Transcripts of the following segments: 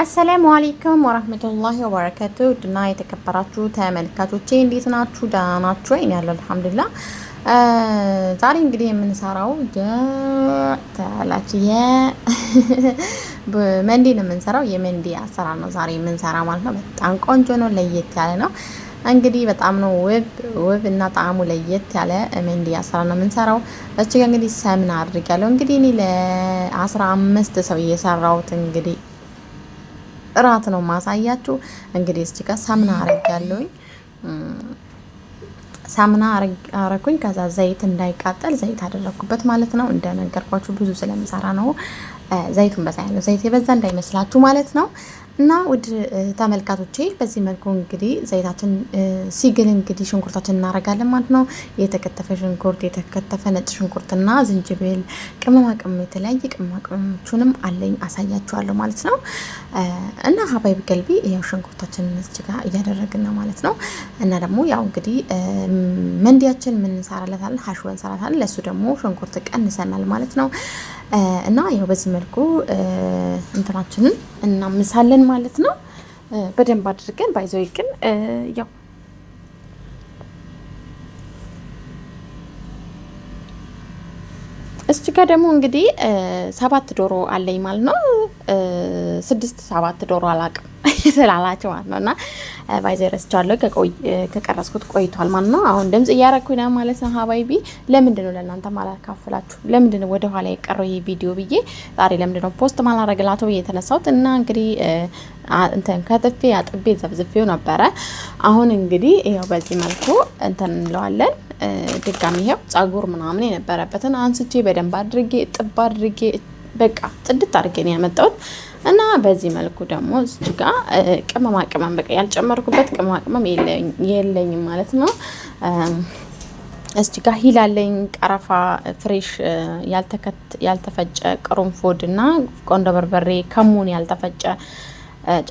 አሰላሙ አሌይኩም ወረህመቱላሂ ወበረከቱ ድና የተከበራችሁ ተመልካቾቼ እንዴት ናችሁ? ደህና ናችሁ ወይ? ያለው አልሐምዱሊላህ። ዛሬ እንግዲህ የምንሰራው ተላችሁ የመንዴ ነው የምንሰራው። የመንዲ አሰራር ነው ዛሬ የምንሰራ ማለት ነው። በጣም ቆንጆ ነው፣ ለየት ያለ ነው። እንግዲህ በጣም ነው ውብ ውብ እና ጣዕሙ ለየት ያለ መንዲ አስራ ነው የምንሰራው። እች እንግዲህ ሰምን አድርግ እንግዲህ እኔ ለአስራ አምስት ሰው እየሰራሁት እንግዲህ ጥራት ነው ማሳያችሁ። እንግዲህ እዚህ ጋር ሳምና አረጋለሁኝ። ሳምና አረኩኝ። ከዛ ዘይት እንዳይቃጠል ዘይት አደረግኩበት ማለት ነው። እንደነገርኳችሁ ብዙ ስለምሰራ ነው ዘይቱን በዛ ያለው ዘይት የበዛ እንዳይመስላችሁ ማለት ነው። እና ውድ ተመልካቶቼ በዚህ መልኩ እንግዲህ ዘይታችን ሲግል እንግዲህ ሽንኩርታችን እናደርጋለን ማለት ነው። የተከተፈ ሽንኩርት፣ የተከተፈ ነጭ ሽንኩርትና ዝንጅብል፣ ቅመማ ቅመም፣ የተለያየ ቅመማ ቅመሞቹንም አለኝ አሳያችኋለሁ ማለት ነው። እና ሀባይብ ገልቢ ያው ሽንኩርታችን እዚህ ጋር እያደረግን ነው ማለት ነው። እና ደግሞ ያው እንግዲህ መንዲያችን ምን እንሰራለታለን? ሀሽወ እንሰራታለን። ለእሱ ደግሞ ሽንኩርት ቀንሰናል ማለት ነው። እና ያው በዚህ መልኩ እንትናችንን እናምሳለን ማለት ነው። በደንብ አድርገን ባይዘው ግን ያው እስቲ ጋር ደግሞ እንግዲህ ሰባት ዶሮ አለኝ ማለት ነው። ስድስት ሰባት ዶሮ አላቅም ስላላቸዋት ነው እና ቫይዘ ረስቻለሁ። ከቀረስኩት ቆይቷል ማለት ነው። አሁን ድምጽ እያረኩኝ ነው ማለት ነው። ሀባይቢ ለምንድን ነው ለእናንተ ማላካፍላችሁ? ለምንድን ነው ወደኋላ የቀረው ይህ ቪዲዮ ብዬ ዛሬ ለምንድን ነው ፖስት ማላረግላቸው ብዬ የተነሳሁት እና እንግዲህ እንትን ከትፌ አጥቤ ዘብዝፌው ነበረ። አሁን እንግዲህ ይኸው በዚህ መልኩ እንትን እንለዋለን። ድጋሚ ይሄው ጸጉር ምናምን የነበረበትን አንስቼ በደንብ አድርጌ ጥብ አድርጌ በቃ ጽድት አድርጌ ነው ያመጣሁት። እና በዚህ መልኩ ደግሞ እዚህ ጋ ቅመማ ቅመም በቃ ያልጨመርኩበት ቅመማ ቅመም የለኝም ማለት ነው። እዚህ ጋ ሂላለኝ ቀረፋ፣ ፍሬሽ ያልተፈጨ ቅርንፉድ እና ቆንዶ በርበሬ፣ ከሙን ያልተፈጨ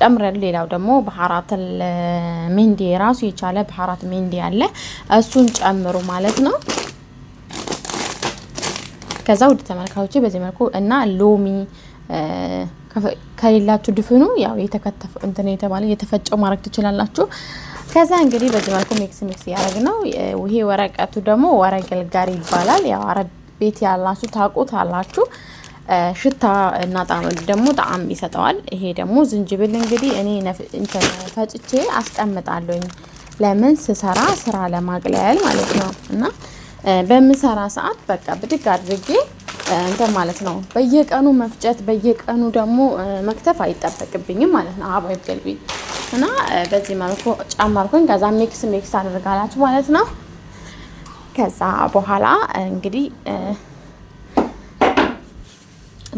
ጨምረን ሌላው ደግሞ ባህራት ሜንዲ ራሱ የቻለ ባህራት ሜንዲ አለ። እሱን ጨምሩ ማለት ነው። ከዛ ውድ ተመልካቾቼ በዚህ መልኩ እና ሎሚ ከሌላችሁ ድፍኑ ያው የተከተፈ እንትን የተባለ የተፈጨው ማድረግ ትችላላችሁ። ከዛ እንግዲህ በዚህ መልኩ ሚክስ ሚክስ እያደረግ ነው። ይሄ ወረቀቱ ደግሞ ወረገል ጋር ይባላል። ያው አረብ ቤት ያላችሁ ታውቁት አላችሁ። ሽታ እና ጣም ደግሞ ጣዕም ይሰጠዋል። ይሄ ደግሞ ዝንጅብል እንግዲህ እኔ ፈጭቼ አስቀምጣለሁኝ። ለምን ስሰራ ስራ ለማቅለያል ማለት ነው እና በምሰራ ሰዓት በቃ ብድግ አድርጌ እንትን ማለት ነው። በየቀኑ መፍጨት በየቀኑ ደግሞ መክተፍ አይጠበቅብኝም ማለት ነው። አባይ ገልቢ እና በዚህ መልኩ ጨመርኩኝ። ከዛ ሜክስ ሜክስ አድርጋላችሁ ማለት ነው። ከዛ በኋላ እንግዲህ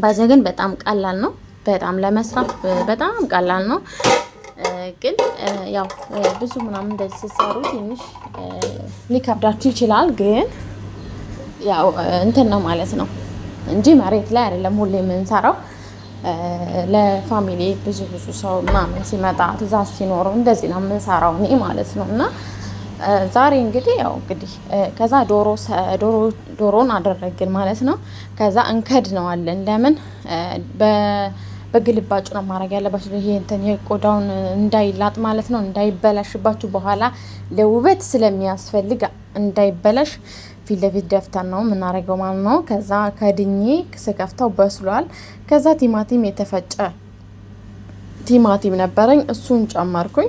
ባጀ ግን በጣም ቀላል ነው። በጣም ለመስራት በጣም ቀላል ነው። ግን ያው ብዙ ምናምን እንደዚህ ስትሰሩ ትንሽ ሊከብዳችሁ ይችላል። ግን ያው እንትን ነው ማለት ነው እንጂ መሬት ላይ አይደለም ሁሌ የምንሰራው። ለፋሚሊ ብዙ ብዙ ሰው ምናምን ሲመጣ ትእዛዝ ሲኖረው እንደዚህ ነው የምንሰራው እኔ ማለት ነው። እና ዛሬ እንግዲህ ያው እንግዲህ ከዛ ዶሮን አደረግን ማለት ነው። ከዛ እንከድ ነው አለን። ለምን በግልባጩ ነው ማድረግ ያለባችሁ። ይሄ እንትን የቆዳውን እንዳይላጥ ማለት ነው እንዳይበላሽባችሁ፣ በኋላ ለውበት ስለሚያስፈልግ እንዳይበላሽ ፊት ለፊት ደፍተን ነው የምናደርገው ማለት ነው። ከዛ ከድኜ ስከፍተው በስሏል። ከዛ ቲማቲም የተፈጨ ቲማቲም ነበረኝ እሱን ጨመርኩኝ።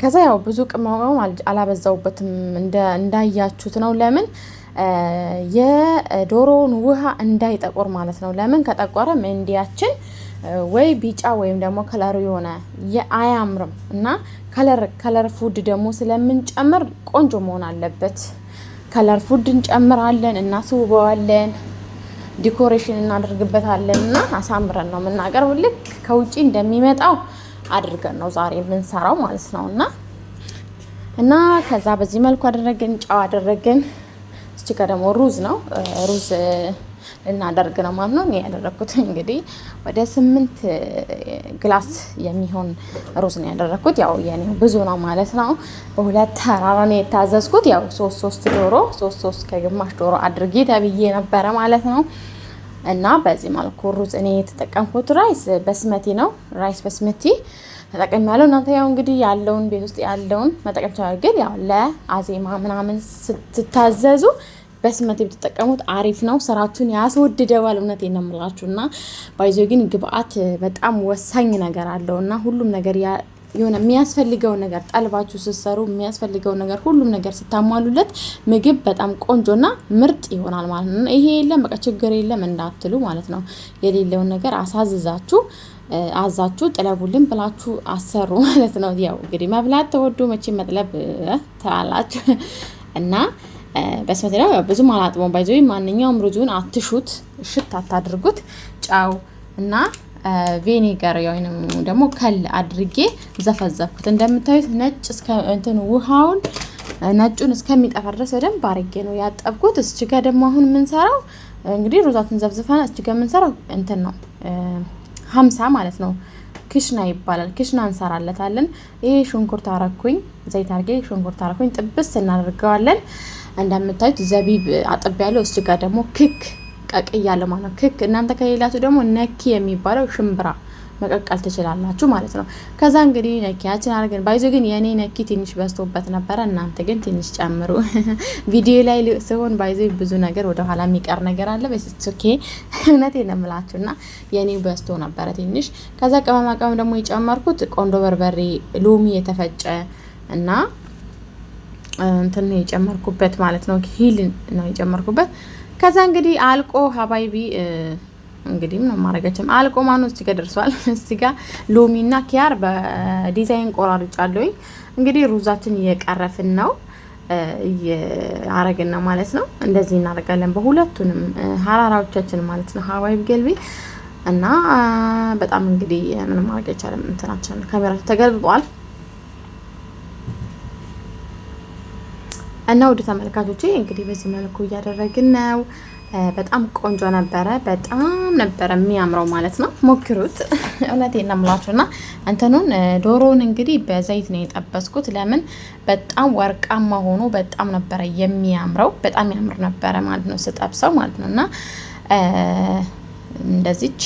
ከዛ ያው ብዙ ቅመም አላበዛውበትም፣ እንዳያችሁት ነው። ለምን የዶሮውን ውሃ እንዳይጠቆር ማለት ነው። ለምን ከጠቆረ መንዲያችን ወይ ቢጫ ወይም ደግሞ ከለሩ የሆነ አያምርም እና ከለር ፉድ ደግሞ ስለምንጨምር ቆንጆ መሆን አለበት። ከለር ፉድ እንጨምራለን፣ እናስውበዋለን፣ ዲኮሬሽን እናደርግበታለን እና አሳምረን ነው የምናቀርበው። ልክ ከውጪ እንደሚመጣው አድርገን ነው ዛሬ የምንሰራው ማለት ነው እና እና ከዛ በዚህ መልኩ አደረግን፣ ጨው አደረግን። እስቲ ከደግሞ ሩዝ ነው ሩዝ ልናደርግ ነው ማለት ነው። ያደረግኩት እንግዲህ ወደ ስምንት ግላስ የሚሆን ሩዝ ነው ያደረግኩት። ያው የኔ ብዙ ነው ማለት ነው። በሁለት ተራራ ነው የታዘዝኩት። ያው ሶስት ሶስት ዶሮ ሶስት ሶስት ከግማሽ ዶሮ አድርጌ ተብዬ ነበረ ማለት ነው። እና በዚህ መልኩ ሩዝ እኔ የተጠቀምኩት ራይስ በስመቲ ነው። ራይስ በስመቲ ተጠቀም ያለው እናንተ ያው እንግዲህ ያለውን ቤት ውስጥ ያለውን መጠቀም ይችላል። ግን ያው ለአዜማ ምናምን ስትታዘዙ በስመት የምትጠቀሙት አሪፍ ነው። ስራችሁን ያስወድደዋል። እውነት የነምላችሁ እና ባይዞ ግን ግብአት በጣም ወሳኝ ነገር አለው እና ሁሉም ነገር የሆነ የሚያስፈልገው ነገር ጠልባችሁ ስትሰሩ የሚያስፈልገው ነገር ሁሉም ነገር ስታሟሉለት ምግብ በጣም ቆንጆና ምርጥ ይሆናል ማለት ነው። ይሄ የለም በቃ ችግር የለም እንዳትሉ ማለት ነው። የሌለውን ነገር አሳዝዛችሁ አዛችሁ ጥለቡልን ብላችሁ አሰሩ ማለት ነው። ያው እንግዲህ መብላት ተወዱ መቼ መጥለብ ትላላችሁ እና በስመት ዳው ብዙም አላጥበውም። ባይዘ ማንኛውም ሩዙን አትሹት፣ እሽት አታድርጉት። ጫው እና ቬኔጋር ወይም ደግሞ ከል አድርጌ ዘፈዘፍኩት። እንደምታዩት ነጭ እስከ እንትን ውሃውን ነጩን እስከሚጠፋ ድረስ በደንብ አድርጌ ነው ያጠብኩት። እስችጋ ደግሞ አሁን የምንሰራው እንግዲህ ሩዛትን ዘፍዝፈን እስችጋ የምንሰራው እንትን ነው ሀምሳ ማለት ነው ክሽና ይባላል። ክሽና እንሰራለታለን። ይሄ ሽንኩርት አረኩኝ ዘይት አርጌ ሽንኩርት አረኩኝ ጥብስ እናደርገዋለን። እንደምታዩት ዘቢብ አጥብ ያለው እሱ ጋር ደግሞ ክክ ቀቅ እያለ ማለት ነው። ክክ እናንተ ከሌላችሁ ደግሞ ነኪ የሚባለው ሽምብራ መቀቀል ትችላላችሁ ማለት ነው። ከዛ እንግዲህ ነኪያችን አድርገን ባይዞ ግን የእኔ ነኪ ትንሽ በዝቶበት ነበረ። እናንተ ግን ትንሽ ጨምሩ። ቪዲዮ ላይ ሲሆን ባይዞ ብዙ ነገር ወደኋላ የሚቀር ነገር አለ። በስኬ እውነት የለምላችሁ እና የእኔ በዝቶ ነበረ ትንሽ። ከዛ ቅመማ ቅመም ደግሞ የጨመርኩት ቆንዶ በርበሬ፣ ሎሚ የተፈጨ እና እንትን ነው የጨመርኩበት ማለት ነው። ሂልን ነው የጨመርኩበት። ከዛ እንግዲህ አልቆ ሀባይቢ እንግዲህ ምንም ማረጋችም አልቆ ማኑ እዚህ ጋር ደርሷል። እዚህ ጋር ሎሚና ኪያር በዲዛይን ቆራርጫለሁ። እንግዲህ ሩዛችን እየቀረፍን ነው እያረግን ነው ማለት ነው። እንደዚህ እናደርጋለን በሁለቱንም ሀራራዎቻችን ማለት ነው። ሀባይብ ገልቢ እና በጣም እንግዲህ ምንም ማድረግ አይቻልም። እንትናችን ካሜራ ተገልብጧል። እና ውድ ተመልካቾቼ እንግዲህ በዚህ መልኩ እያደረግን ነው። በጣም ቆንጆ ነበረ። በጣም ነበረ የሚያምረው ማለት ነው። ሞክሩት። እውነቴን ነው የምላችሁና እንትኑን ዶሮውን እንግዲህ በዘይት ነው የጠበስኩት። ለምን በጣም ወርቃማ ሆኖ በጣም ነበረ የሚያምረው። በጣም ያምር ነበረ ማለት ነው ስጠብሰው ማለት ነው እና እንደዚች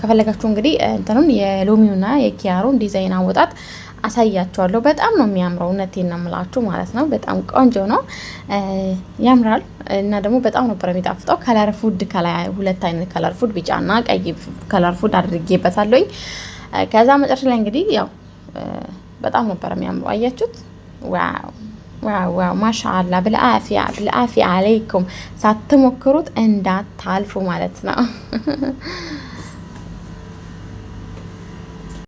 ከፈለጋችሁ እንግዲህ እንትኑን የሎሚውና የኪያሩን ዲዛይን አወጣት አሳያችኋለሁ። በጣም ነው የሚያምረው፣ እውነቴን ነው የምላችሁ ማለት ነው። በጣም ቆንጆ ነው፣ ያምራል እና ደግሞ በጣም ነበር የሚጣፍጠው። ከለር ፉድ ከላይ ሁለት አይነት ከለር ፉድ፣ ቢጫና ቀይ ከለር ፉድ አድርጌበታለሁኝ። ከዛ መጨረሻ ላይ እንግዲህ ያው በጣም ነበር የሚያምረው። አያችሁት? ዋው ዋው ማሻአላ ብልአፊያ ብልአፊያ አለይኩም። ሳትሞክሩት እንዳታልፉ ማለት ነው።